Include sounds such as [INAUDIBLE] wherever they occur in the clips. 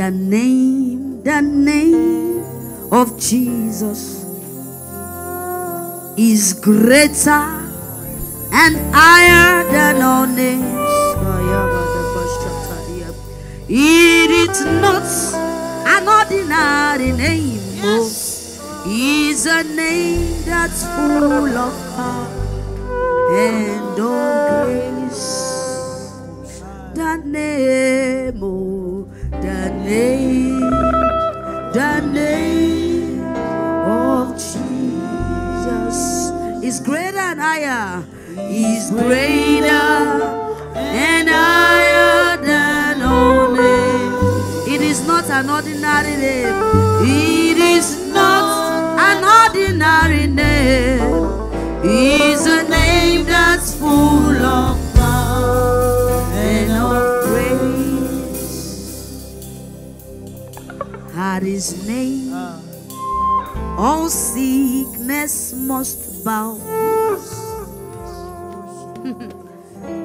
the name, the name of Jesus is greater and higher than all names. It is not an ordinary name. Oh. Yes. It's a name that's full of power and of grace. The name, oh, the name, the name of Jesus is greater and higher, is greater and higher than all names. It is not an ordinary name, at his name. All sickness must bow. [LAUGHS]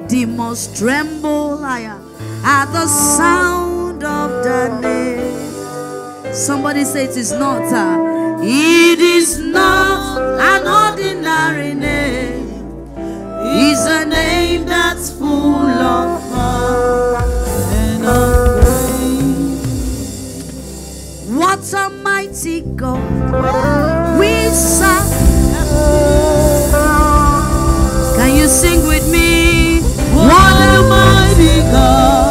Demons tremble at the sound of the name. Somebody say it is not. Uh, it is not an ordinary name. It's a name that's what Almighty God we serve. Can you sing with me? What, what Almighty God.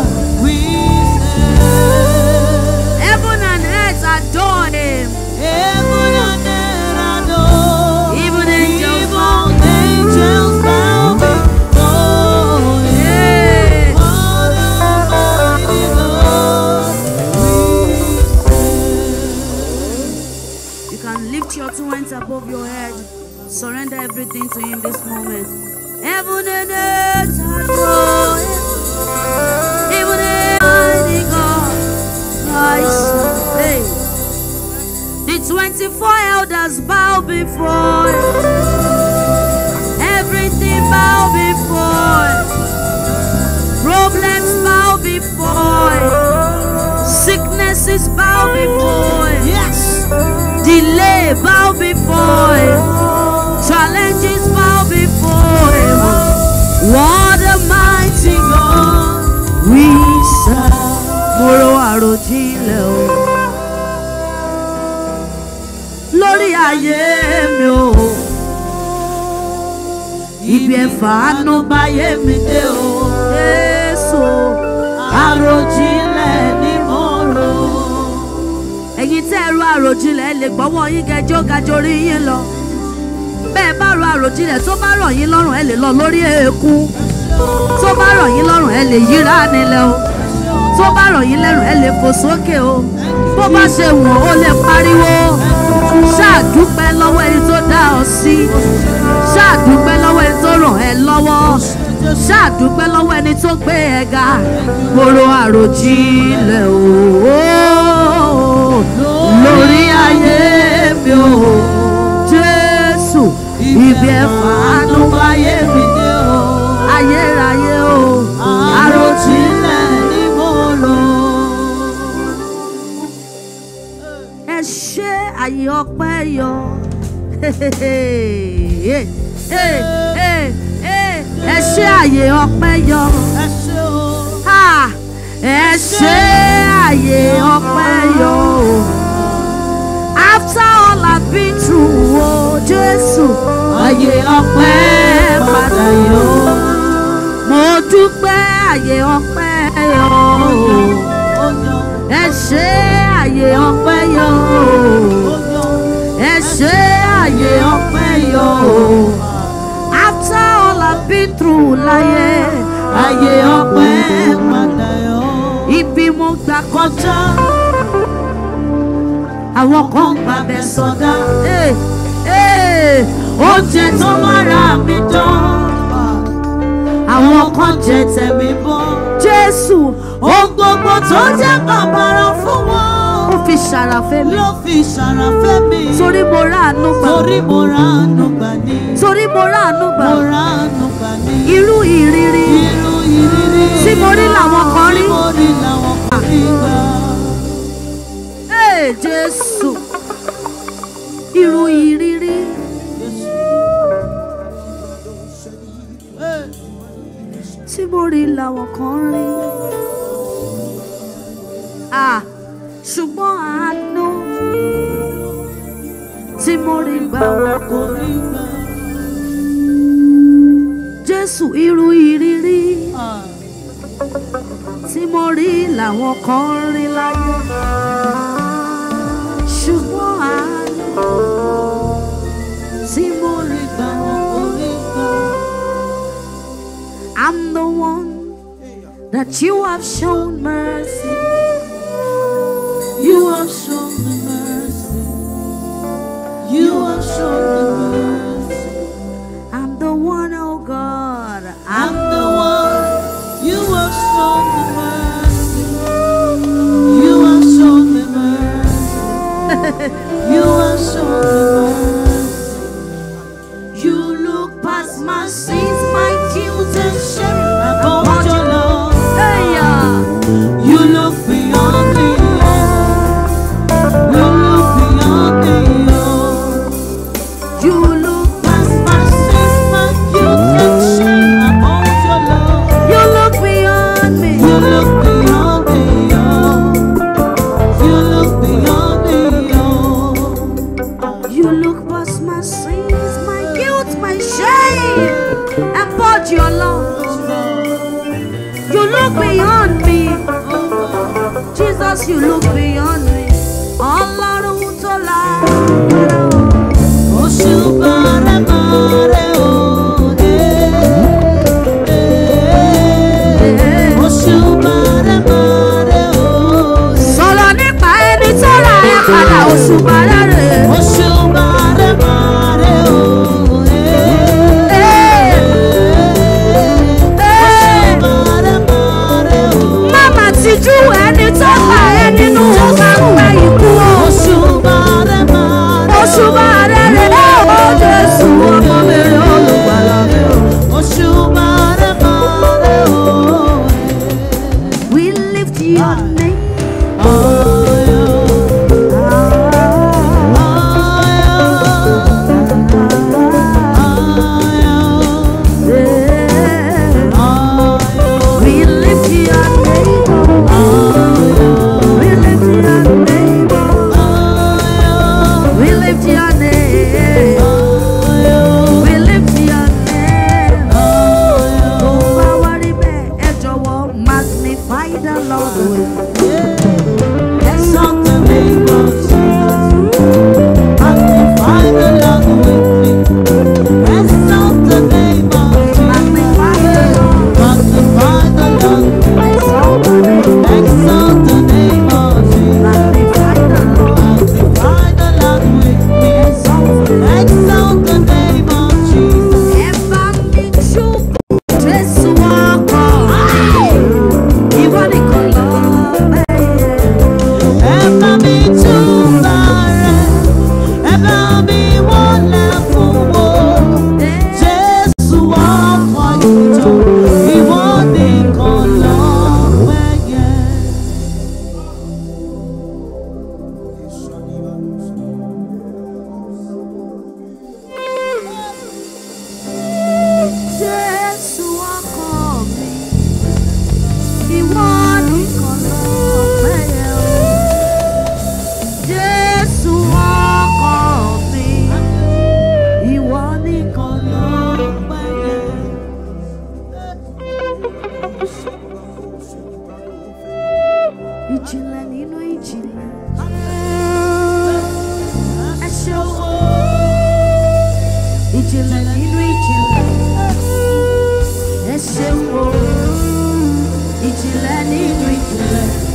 rọ̀ yín lọ́rùn ẹ lè lọ lórí eékún tó bá rọ̀ yín lọ́rùn ẹ lè yíra nílẹ̀ o tó bá rọ̀ yín lẹ́rùn ẹ lè fò sókè o bó bá ṣe wọ̀n ó lè pariwo ṣáàdúpẹ́ lọ́wọ́ ẹni tó dá ọ sí ṣáàdúpẹ́ lọ́wọ́ ẹni tó ràn ẹ́ lọ́wọ́ ṣáàdúpẹ́ lọ́wọ́ ẹni tó gbé ẹ ga kóró àròjinlẹ̀ o lórí ayé mi o Jésù ibi ẹ̀fà ayérayé o àròtilẹ̀ ní mo lò. ẹ ṣe àyè ọpẹ́ yọ ẹ ṣe àyè ọpẹ́ yọ ẹ ṣe àyè ọpẹ́ yọ after all I've been through o oh Jésù àyè ọpẹ́ padà yọ dúpẹ́ àyè ọpẹ́ yọ ẹ ṣé àyè ọpẹ́ yọ ẹ ṣé àyè ọpẹ́ yọ after all I've been through láyé àyè ọpẹ́ padà yọ ibi mo gbà kọjá àwọn kan gbàgbẹ́ sọdá oúnjẹ tó mọ́ra mi dán àwọn kan jẹ tẹ̀mí bọ́. Jésù. Ohun gbogbo tó jẹ́ bàbàrà fún wọn. Ó fi ṣàràfẹ́ mi. Ló fi ṣàràfẹ́ mi. Torí mo ráàánú gbà. Torí mo ráàánú gbà ní. Torí mo ráàánú gbà. Mo ráàánú gbà ní. Irú ìrírí. Irú ìrírí. Tí mo rí làwọn kan rí. Tí mo rí làwọn kan rí gbà. Ee Jésù. Irú ìrírí. bórí làwọn kan rí ṣùgbọ́n àánú tí mo rí gbà wọ́n kò rí gbà. Jésù irú ìrírí tí mo rí làwọn kan rí láyé. the one that you have shown mercy. You have shown me mercy. You have shown me mercy. I'm the one, oh God. I'm, I'm the one you have shown 你对峙。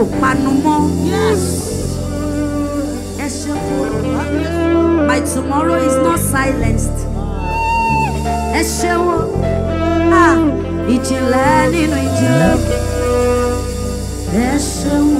ò panu mọ́. ẹ ṣeun my tomorrow is not silenced. ẹ ṣeun ah, ìjìnlẹ̀ nínú ìjìnlẹ̀. ẹ ṣeun.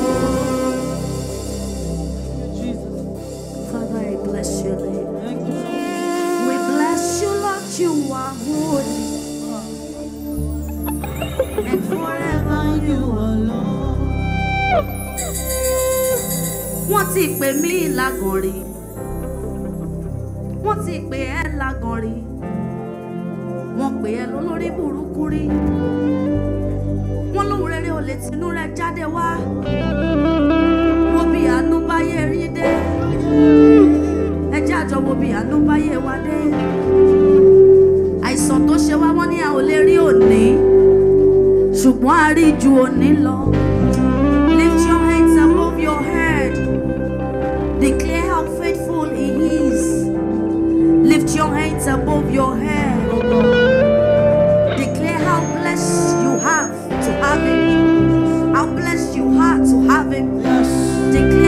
ti pè mí lágọ̀nrí wọ́n ti pè ẹ́ lágọ̀nrí wọ́n pè ẹ́ lólórí burúkú rí wọ́n lóhùn rere ò lè tinú rẹ jáde wá wo bí àánú báyé rí dé ẹ àjọ wo bí àánú báyé wá dé àìsàn tó ṣe wá wọ́n ní a ò lè rí òní ṣùgbọ́n a rí ju òní lọ. haven't declared.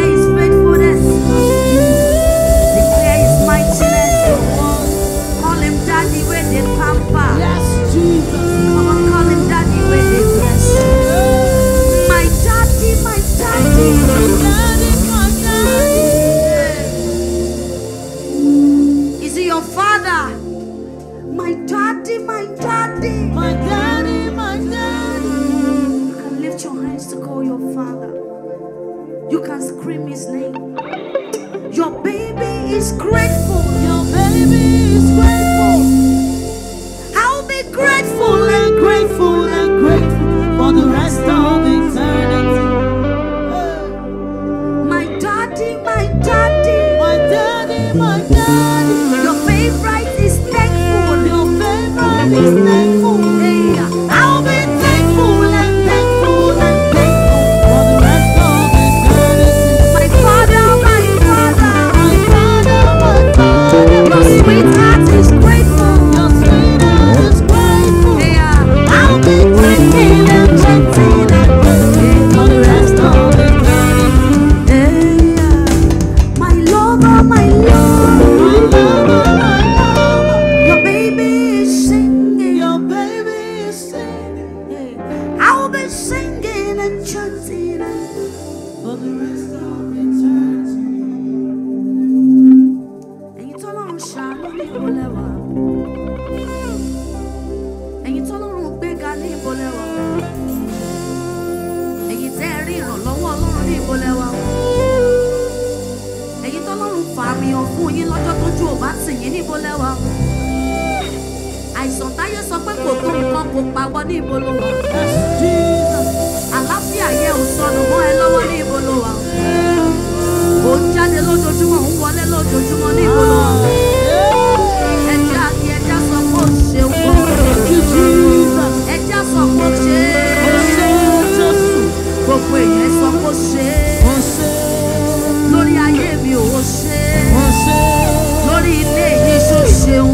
kò pawọ́ ní ibo ló wà. àlàáfíà yẹ ò sọnù mọ́ ẹ lọ́wọ́ ní ibo ló wà. ò ń jáde lójoojúmọ́ ń wọlé lójoojúmọ́ ní ibo ló wà. ẹja kí ẹja sọ pé ó ṣe wọ́. ẹja sọ pé ó ṣe é. gbogbo èèyàn sọ pé ó ṣe é. lórí ayé mi ò ṣe é. lórí ilé yìí ṣó ṣeun.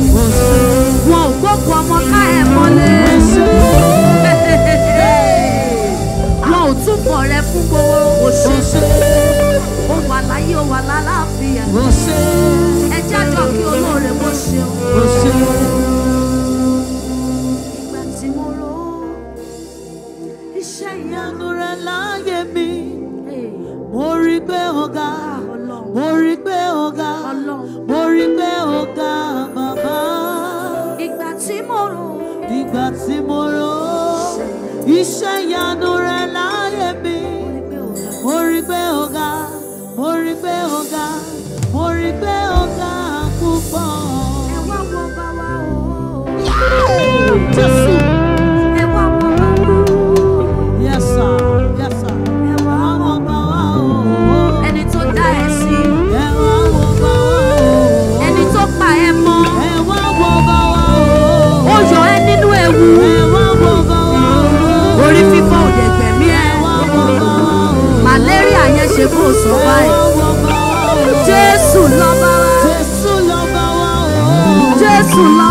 wọn ò gbókùn ọmọ ká ẹ̀ mọ́lé. Você. Ó wà láyé, ó wà lálàáfíà. Você. Ẹ jájọ kí olóore mo ṣe o. Você. Ìgbà tí mo rò ó, iṣẹ́ ìyanu rẹ̀ láyé mi. Mo rí pé ọ̀gá, mo rí. sọ báyìí jésù lọ́ba wa jésù lọ́ba wa jésù lọ́ba wa.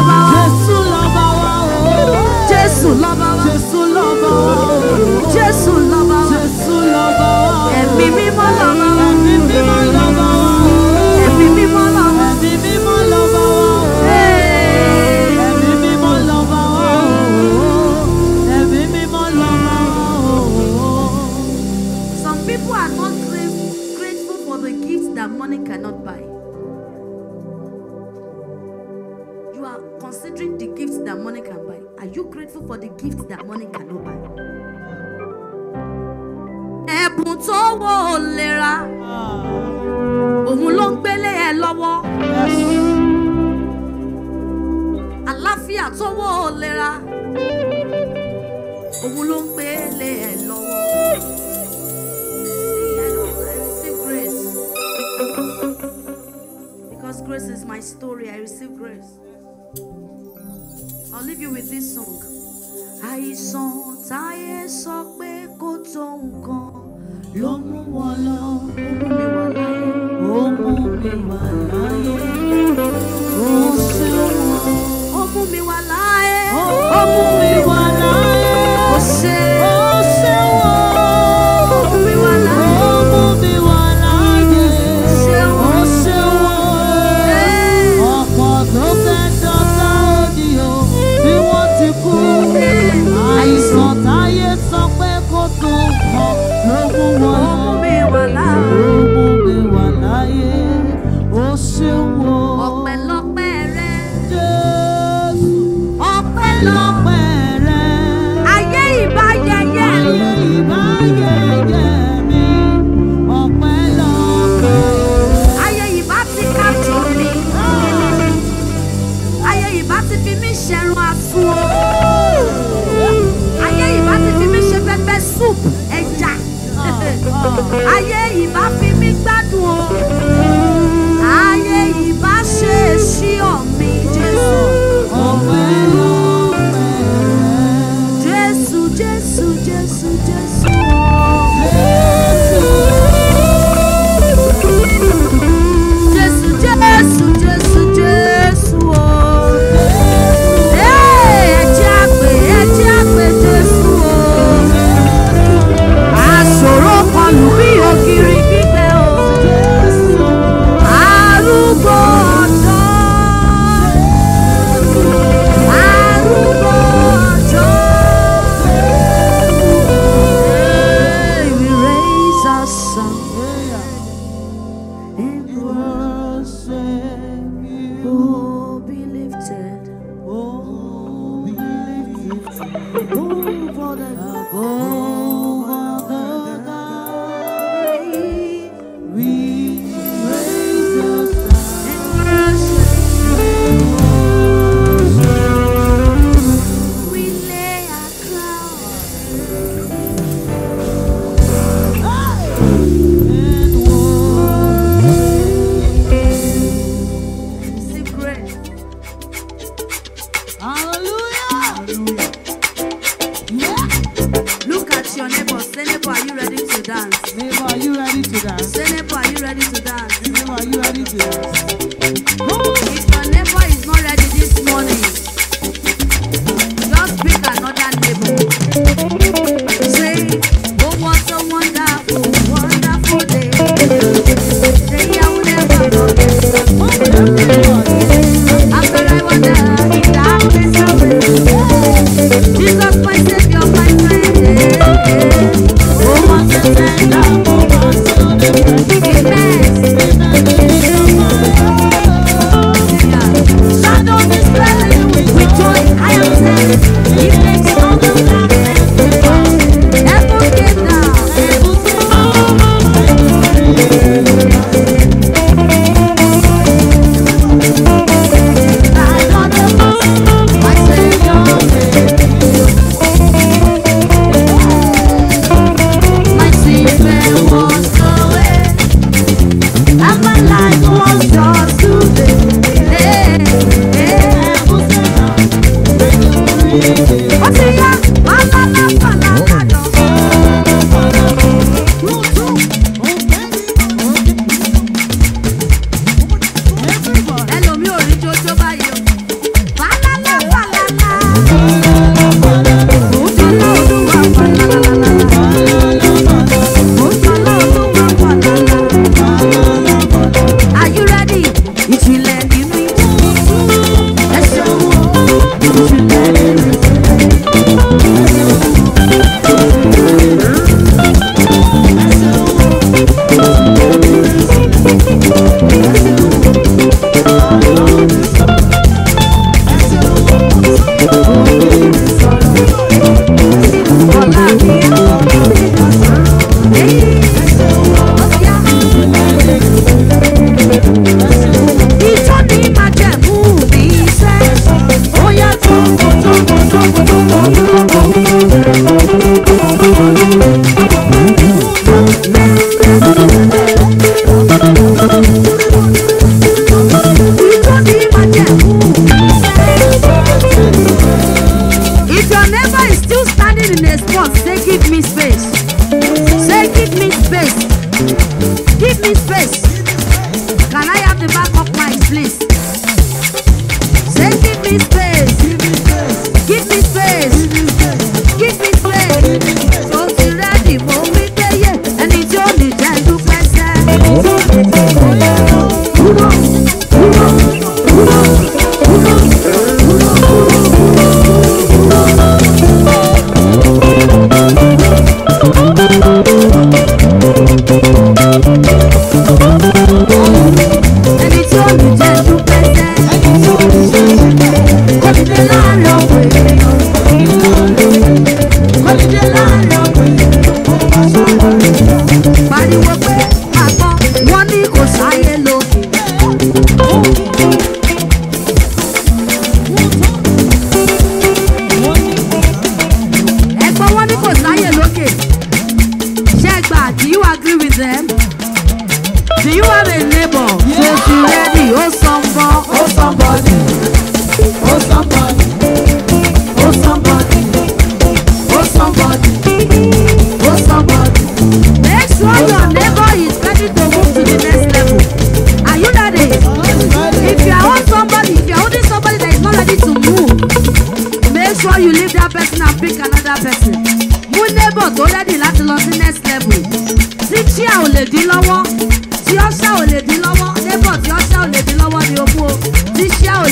floor.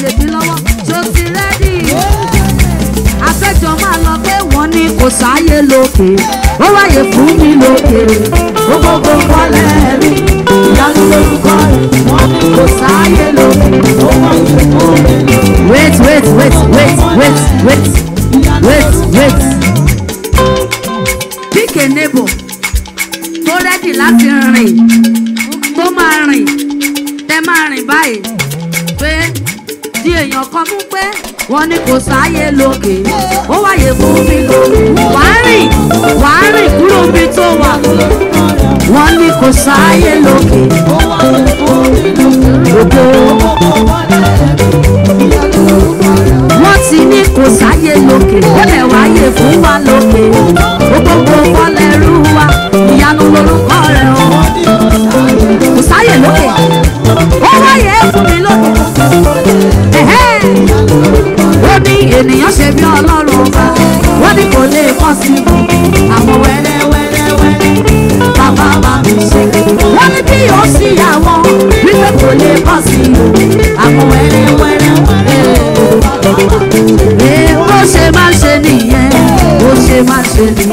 lèmi lọ́wọ́ tó ti rẹ́dì. afẹ́jọ máa lọ pé wọ́n ní kò sáyé lókè ó wáyé fún mi lókè gbogbo kọ́lẹ̀ rí ìyanu lórúkọ rẹ̀ wọ́n ní kò sáyé lókè wait wait wait wait wait wait wait wait. pick a neighbor tó rẹ́dì láti rìn tó máa rìn tẹ́ máa rìn báyìí èèyàn kan mú pé wọ́n ní kò sáyé lókè ó wáyé fún mi wàá rìn wàá rìn kúrò bí tó wà wọ́n ní kò sáyé lókè lókè wọ́n ti ní kò sáyé lókè ó wáyé fún wa lókè ó gbogbo kọ́lẹ̀ rú wa ìyanu lórúkọ rẹ̀ o kò sáyé lókè ó ní ènìyàn ṣe bí ọlọ́run ọba wọ́n ní kò lè pọ̀ sí i àwọn wẹ́rẹ́wẹ́rẹ́wẹ́rẹ́ bàbá bá mi ṣe wọ́n ní bí ó sì yà wọ́n wípé kò lè pọ̀ sí i àwọn wẹ́rẹ́wẹ́rẹ́wẹ́rẹ́ ó ṣe má ṣe nìyẹn ó ṣe má ṣe nìyẹn.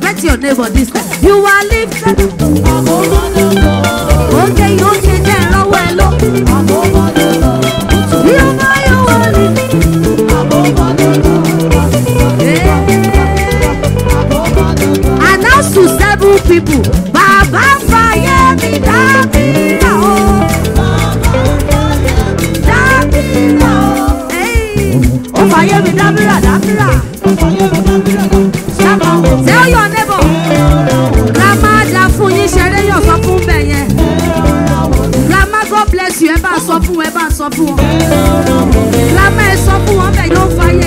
bet your neighbor this you are lifted. sọ fún wọn. lábẹ́ sọ fún wọn bẹ́ẹ̀ yóò fàyè.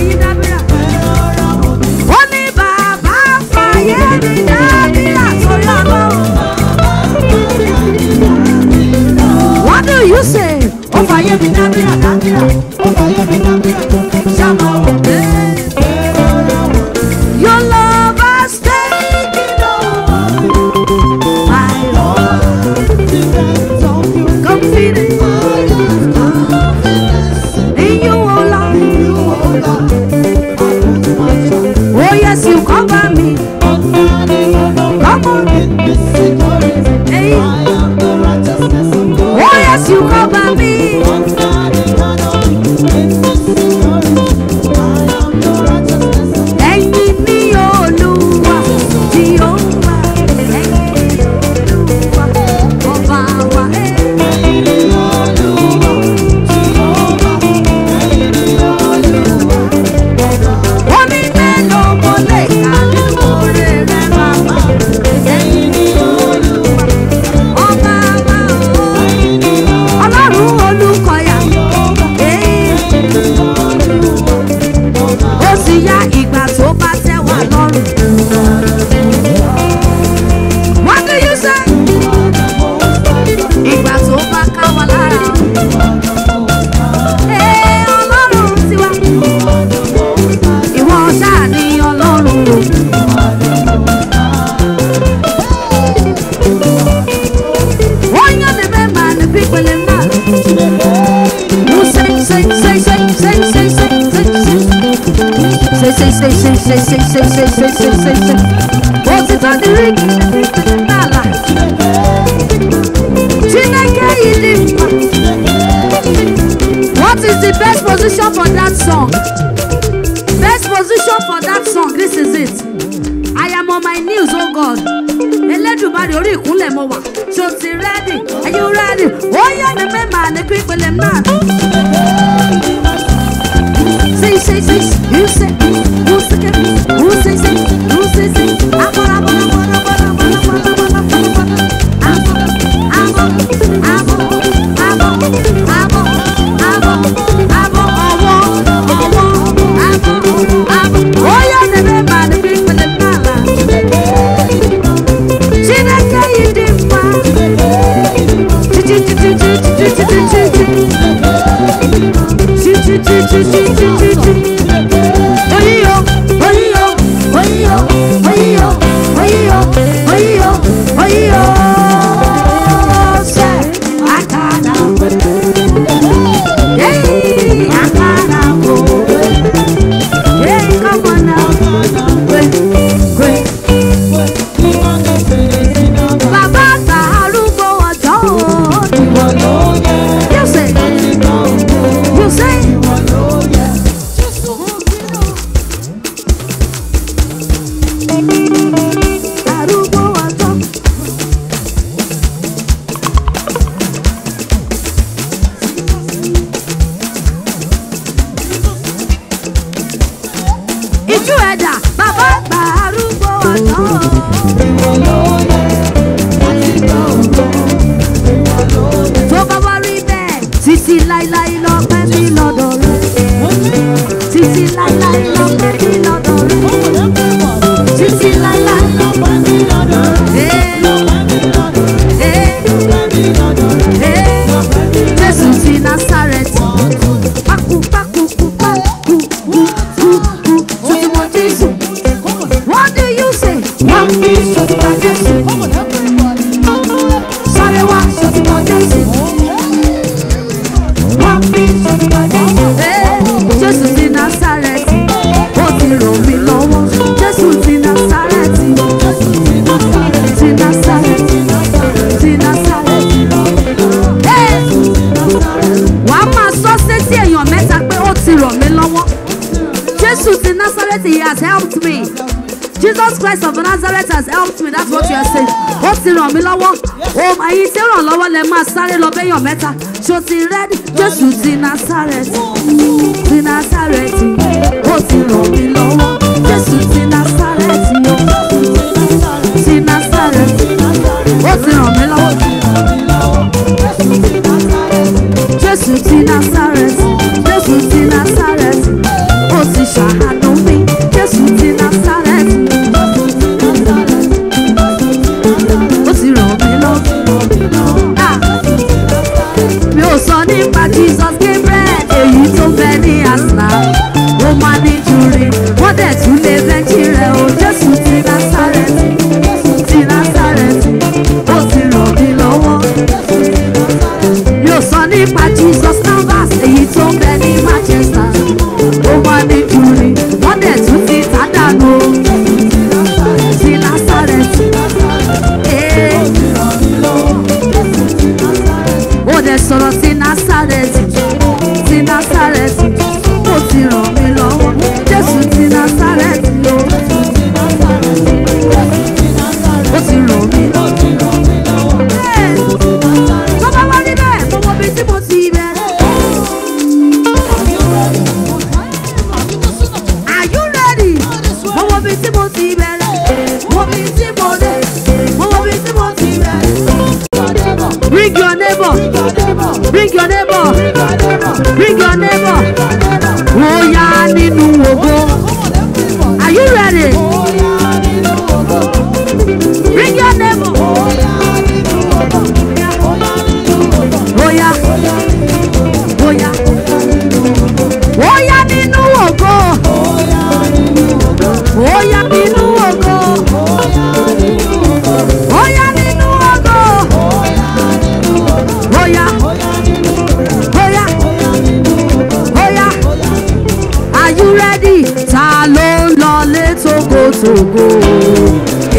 ṣògo.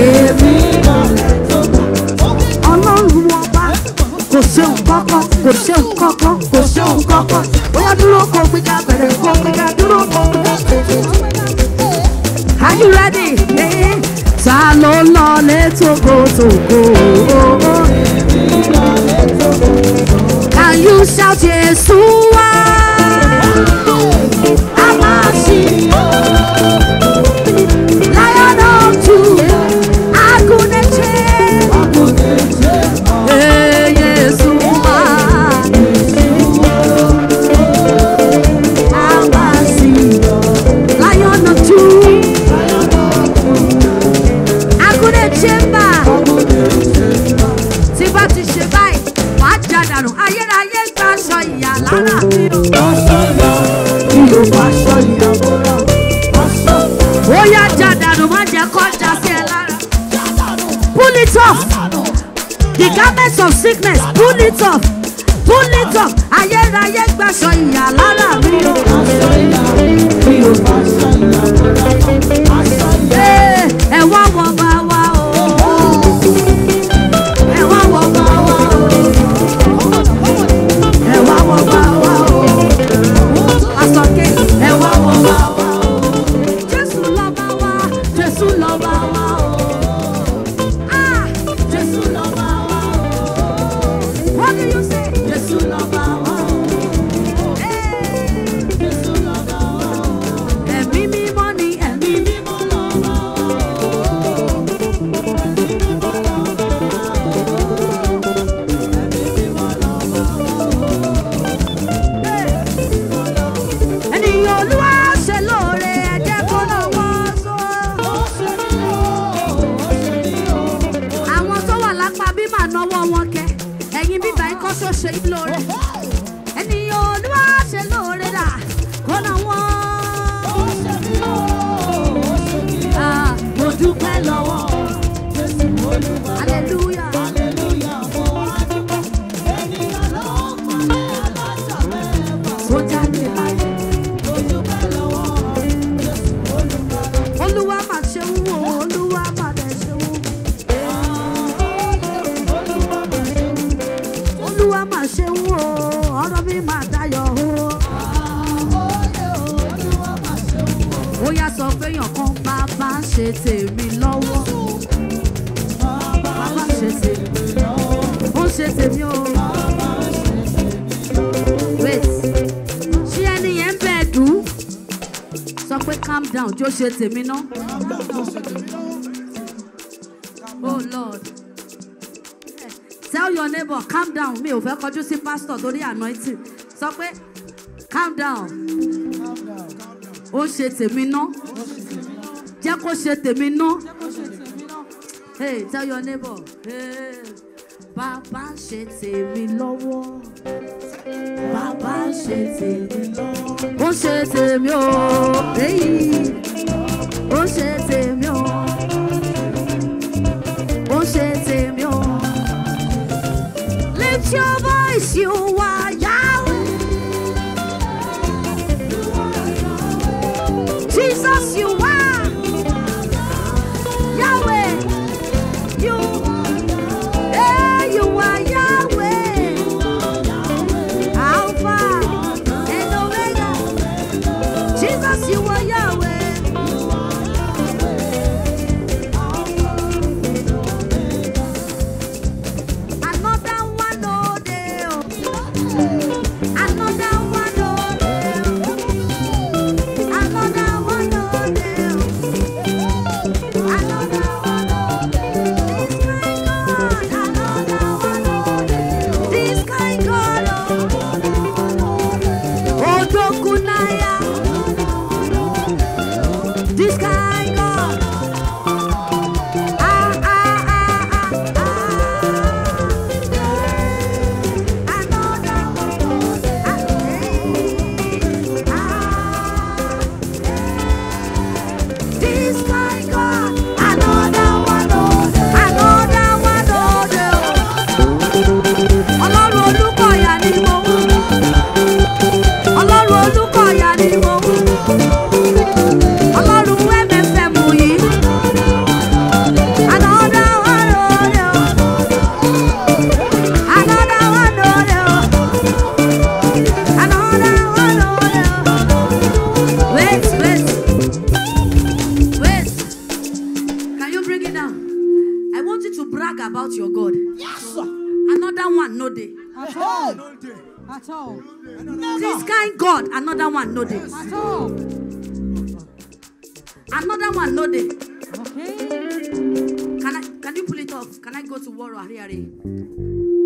èmi ọlọ́run ọba kò ṣeun kọ́kọ́ kò ṣeun kọ́kọ́ kò ṣeun kọ́kọ́ bóyá dúró kó gbígbà bẹ̀rẹ̀ kó gbígbà dúró kó gbígbà bẹ̀rẹ̀. are you ready? Eh, ta ló lọ létogo togo? can you shout Jesus wá? garments of sickness pull it off pull it off ayérayé gbaṣọ ìyà lára. ṣe tèmi ná. Oh Lord. Tell your neighbor calm down mi ò fẹ́ you see, pastor torí anointing So pé calm down Oh, ṣe tèmi ná jẹ́ kó ṣe tèmi ná. Hey, tell your neighbor. Hey. Bàbá ṣe tèmi lọ́wọ́. Bàbá ṣe tèmi lọ́wọ́. Ó ṣe tèmi you were. Can I go to Waro Ariari?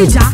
Bija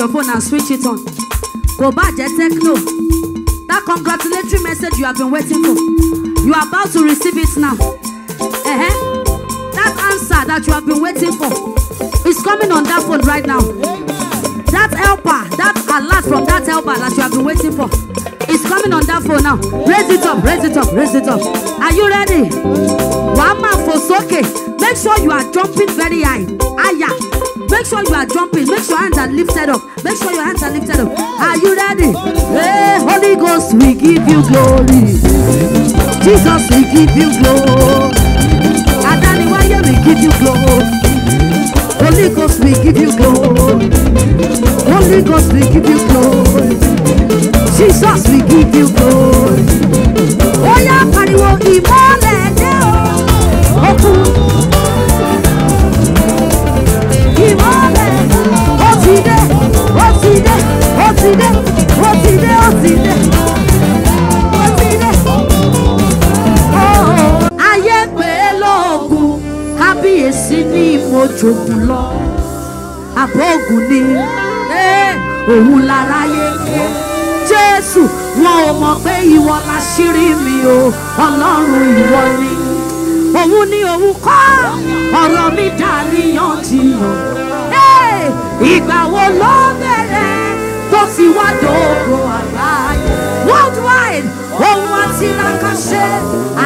your phone and switch it on. Go back jẹ́ techno. That congratulatory message you have been waiting for. You are about to receive it now. Uh-huh. That answer that you have been waiting for is coming on that phone right now. That helper, that alert from that helper that you have been waiting for is coming on that phone now. Raise it up, raise it up, raise it up. Are you ready? One man for sókè. Make sure you are jumping very high. Higher. Make sure you are jumping lift your hands and lifted up. Make sure your hands are lifted up. Are you ready? Hey, Holy Ghost, we give you glory. Jesus, we give you glory. Adani Waya, we give you glory. Holy Ghost, we give you glory. Holy Ghost, we give you glory. Jesus, we give you glory. Oya pariwo ìmọ́lẹ̀. ọlọ́run ìwọ ni òun ni òun kọ́ ọ̀rọ̀ mi dàníyàn ti yàn ìgbà wo ló bẹ̀rẹ̀ tó fi wá dògbò àgbáyé worldwide òun àti ìlànà ṣe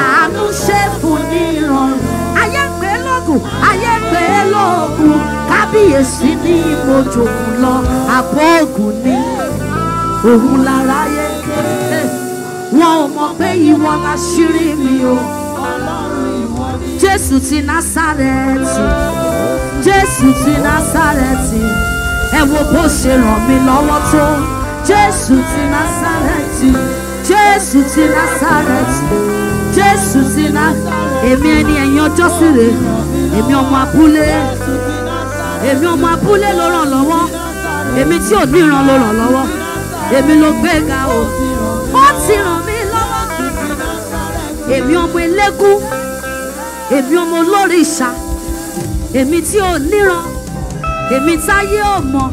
àánú ṣe fún ní ìrọ̀rùn ayé ń pè é lóògùn ayé ń pè é lóògùn kábíyèsí ní ìmọ̀jòkù lọ àbọ̀ ògùn ní òun láráyé mọ̀ pé ìwọ láṣírí mi o. Jésù ti Násárẹ́tì, Jésù ti Násárẹ́tì, ẹ wo bó ṣe ràn mí lọ́wọ́ tó. Jésù ti Násárẹ́tì, Jésù ti Násárẹ́tì, Jésù ti Násárẹ́tì. Èmi ẹni ẹ̀yin ọjọ́ síre, èmi ọmọ abúlé, èmi ọmọ abúlé ló ràn lọ́wọ́, èmi tí ò ní ìran ló ràn lọ́wọ́, èmi ló gbéga o, ó ti ràn mí èmi ọmọ elégún èmi ọmọ olórìṣà èmi tí ò níran èmi táyé ò mọ̀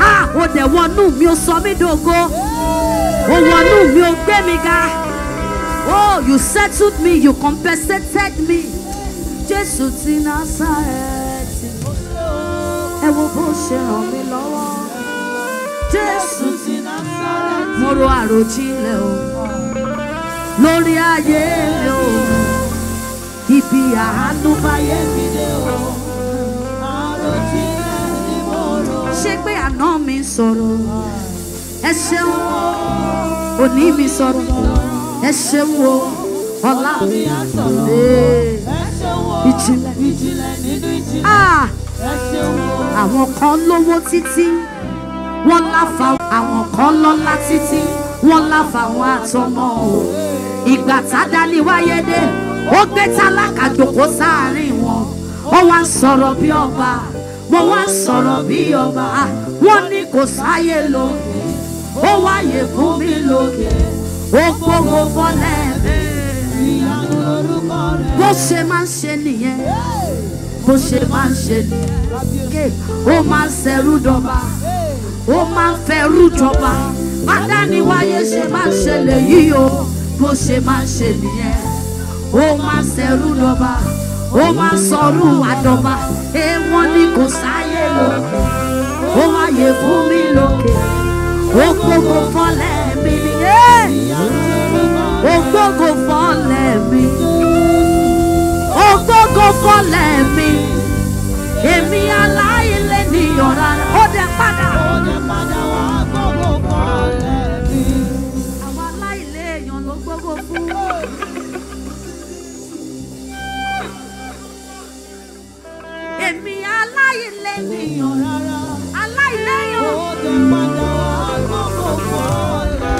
á ò dẹ̀ wọnú mi ó sọ mí dògo ó wọnú mi ó gbé mi ga oh you settled me you compensated me Jésù ti Násárẹ́tì ẹ wo bó ṣe ràn mí lọ́wọ́ Jésù ti Násárẹ́tì mo ro àròjinlẹ̀ o lórí ayé mi o ibi àánú báyé mi dé o àròjinlẹ̀ ni mo rò. ṣé pé àná mi sọ̀rọ̀ ẹ ṣeun òní mi sọ̀rọ̀ ẹ ṣeun o ọlá mi á sọ̀rọ̀ ẹ ṣeun o ìjìnlẹ̀ nínú ìjìnlẹ̀ ah! ẹ ṣeun o. àwọn kan lówó títí wọ́n láfa àwọn kan lọ́lá títí wọ́n láfa àwọn àtọmọ́ o ìgbà tádàlí wáyé dé ó gbé tálákà jòkó sáàárín wọn wọ́n wá ń sọ̀rọ̀ bí ọba wọ́n wá ń sọ̀rọ̀ bí ọba wọ́n ní kò sáyé lókè ó wáyé fún mi lókè ó gbogbo bọ́lẹ̀ mi ìyanu lórúkọ rẹ̀. bó ṣe máa ń ṣe nìyẹn bó ṣe máa ń ṣe nìyẹn ó máa ń ṣẹrú dọba ó máa ń fẹrú jọba bá dáníwáyé ṣe máa ń ṣẹlẹ̀ yìí bó ṣe máa ń ṣe nìyẹn ó máa ń lọ́ba ó máa ń àdọ́ba èèwọ̀n ni kò sáyé lọ ó wáyé fún mi lókè ó gbogbo fọ́lẹ̀ mi nìyẹn ó gbogbo fọ́lẹ̀ mi ó gbogbo fọ́lẹ̀ mi èmi aláìlẹ́nìyàn rárá ó dẹ padà. lẹ́nìyàn rárá. aláìlẹ́yàn. ó tẹ padà àkókò fọ́ọ̀lá.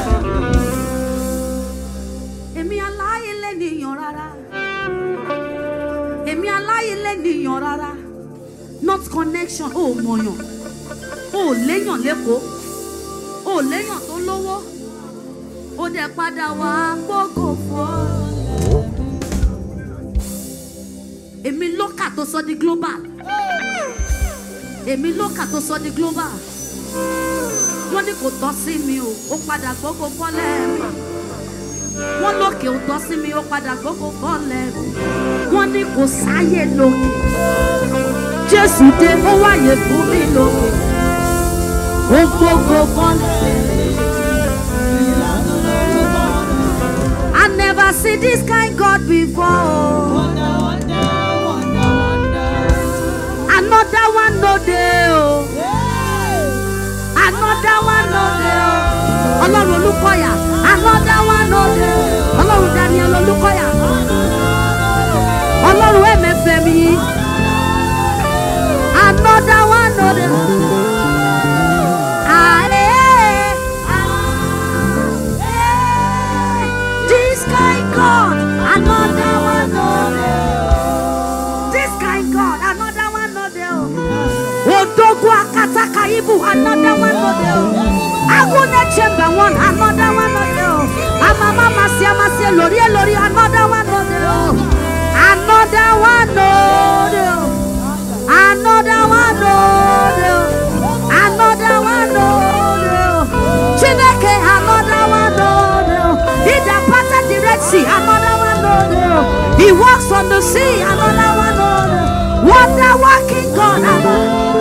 èmi aláìlẹ́nìyàn rárá. èmi aláìlẹ́nìyàn rárá. not connection ó mọ̀yàn ó léyàn lẹ́kọ̀ọ́ ó léyàn tó lówó ó dẹ̀ padà wá àkókò fọ́ọ̀lá. èmi lọ́kà tó sọ di global. Hey! èmi ló kà tó sọ di global wọ́n ní kò tọ́ sí mi o ó padà gbogbo bọ́lẹ̀ mi wọ́n lókè ò tọ́ sí mi ó padà gbogbo bọ́lẹ̀ mi wọ́n ní kò sáyè lókè Jésù dé ó wáyé fún mi lókè ó gbogbo bọ́lẹ̀ mi. I never see this kind God before. Oh, no. Oh. Another one no dey o oh. another one no dey o ọlọ́run olúkọ̀yà another one no dey o ọlọ́run daniel olúkọ̀yà ọlọ́run ẹ̀mẹ́fẹ́ mi another Kataka Ibu, another one of them. Aguna Chamber one, another one of them. Amama Masia Masia Lori eh, Lori, another one of them. Another one of them. Another one of them. Another one of them. Chineke, another one of them. He departed the Red Sea, another one of them. He walks on the sea, another one of them. a working God, another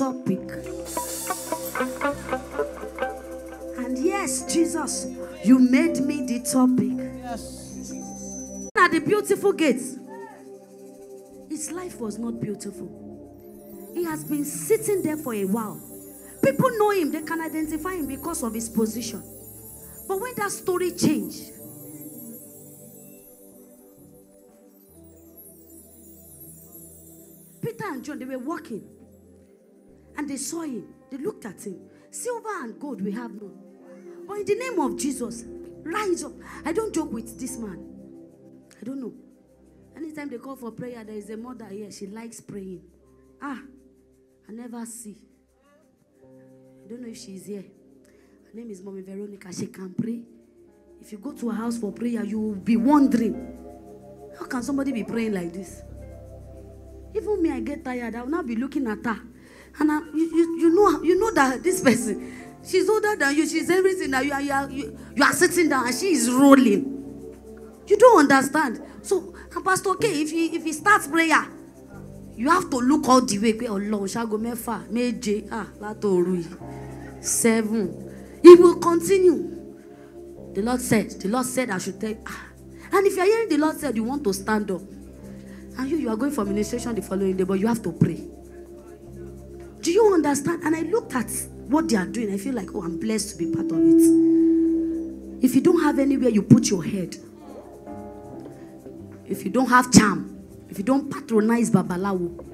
topic. And yes, Jesus, you made me the topic. Yes. At the beautiful gates, his life was not beautiful. He has been sitting there for a while. People know him, they can identify him because of his position. But when that story changed, Peter and John, they were walking and they saw him. They looked at him. Silver and gold we have none. But in the name of Jesus, rise up. I don't joke with this man. I don't know. Anytime they call for prayer, there is a mother here. She likes praying. Ah, I never see. I don't know if she is here. Her name is Mommy Veronica. She can pray. If you go to her house for prayer, you will be wondering how can somebody be praying like this? Even me, I get tired. I will not be looking at her. And I, you, you, you, know, you know that this person, she's older than you. She's everything that you are, you are, you, you are sitting down and she is rolling. You don't understand. So, and Pastor K, if he, if he starts prayer, you have to look all the way. Oh Lord, shall go mefa, meje, ah, lato Seven. He will continue. The Lord said, the Lord said I should tell you. Ah. And if you are hearing the Lord said, you want to stand up. And you, you are going for ministration the following day, but you have to pray. Do you understand? And I looked at what they are doing. I feel like, oh, I'm blessed to be part of it. If you don't have anywhere you put your head, if you don't have charm, if you don't patronize Babalawo,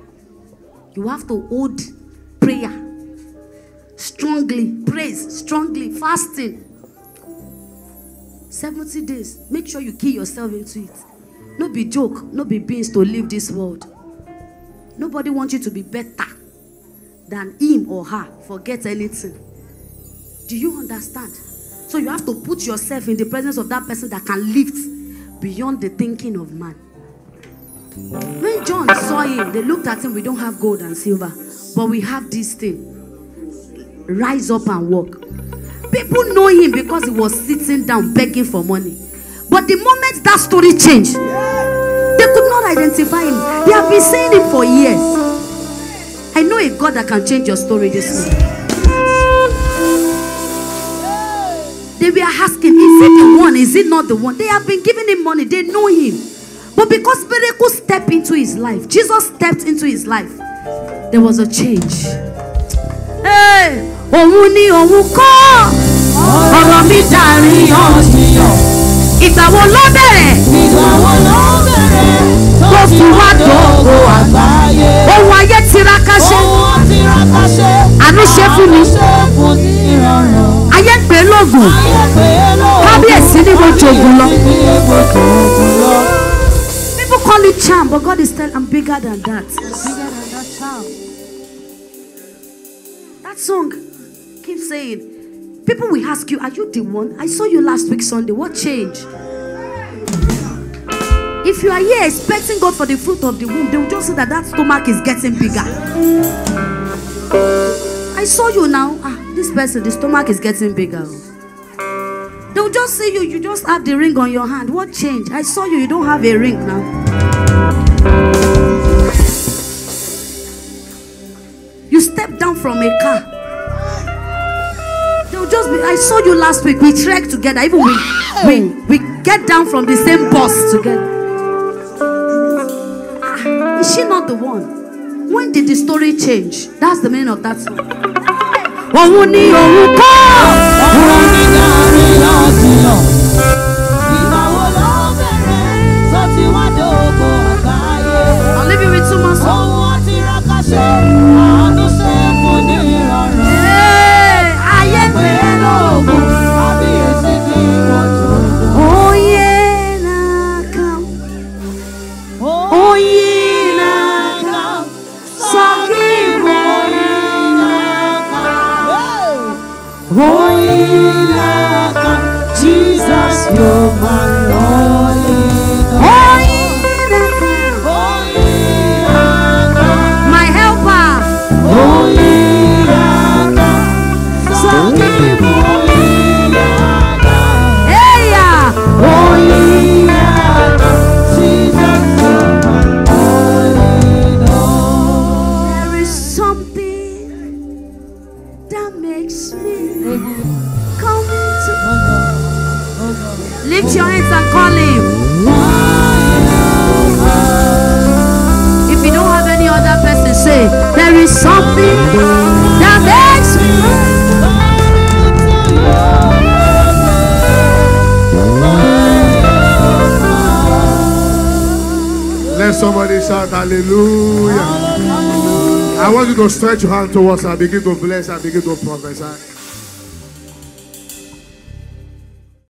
you have to hold prayer strongly, praise strongly, fasting. 70 days. Make sure you key yourself into it. No be joke, no be beans to leave this world. Nobody wants you to be better than him or her forget anything. Do you understand? So you have to put yourself in the presence of that person that can lift beyond the thinking of man. When John saw him, they looked at him, we don't have gold and silver, but we have this thing. Rise up and walk. People know him because he was sitting down begging for money. But the moment that story changed, they could not identify him. They have been saying it for years. I know a God that can change your story this morning. They were asking, is it the one? Is it not the one? They have been giving him money. They know him. But because miracle stepped into his life, Jesus stepped into his life, there was a change. Hey! Òun ni òun kọ́. Ọ̀rọ̀ mi dàrí ọ̀sìn yàn. Ìgbà wo ló bẹ̀rẹ̀? Ìgbà wo ló bẹ̀rẹ̀? tó fi wá dòwò àgbáyé. ohun ayé tiraka ṣe. àánú ṣe fún mi. ayé ń pè é lóògùn. kábíyèsí ni mo jogun lọ. People call it charm, but God is telling I'm bigger than that. Bigger than that charm. That song keeps saying, people will ask you, Are you the one? I saw you last week Sunday. What changed? If you are here expecting God for the fruit of the womb, they will just see that that stomach is getting bigger. I saw you now. Ah, this person, the stomach is getting bigger. They will just see you. You just have the ring on your hand. What change? I saw you. You don't have a ring now. You step down from a car just be, I saw you last week. We trek together. Even we, we we get down from the same bus together. the one. When did the story change? That's the meaning of that song. I'll leave you with two more songs. somebody shout hallelujah. hallelujah. I want you to stretch your hand towards and begin to bless and begin to prophesy.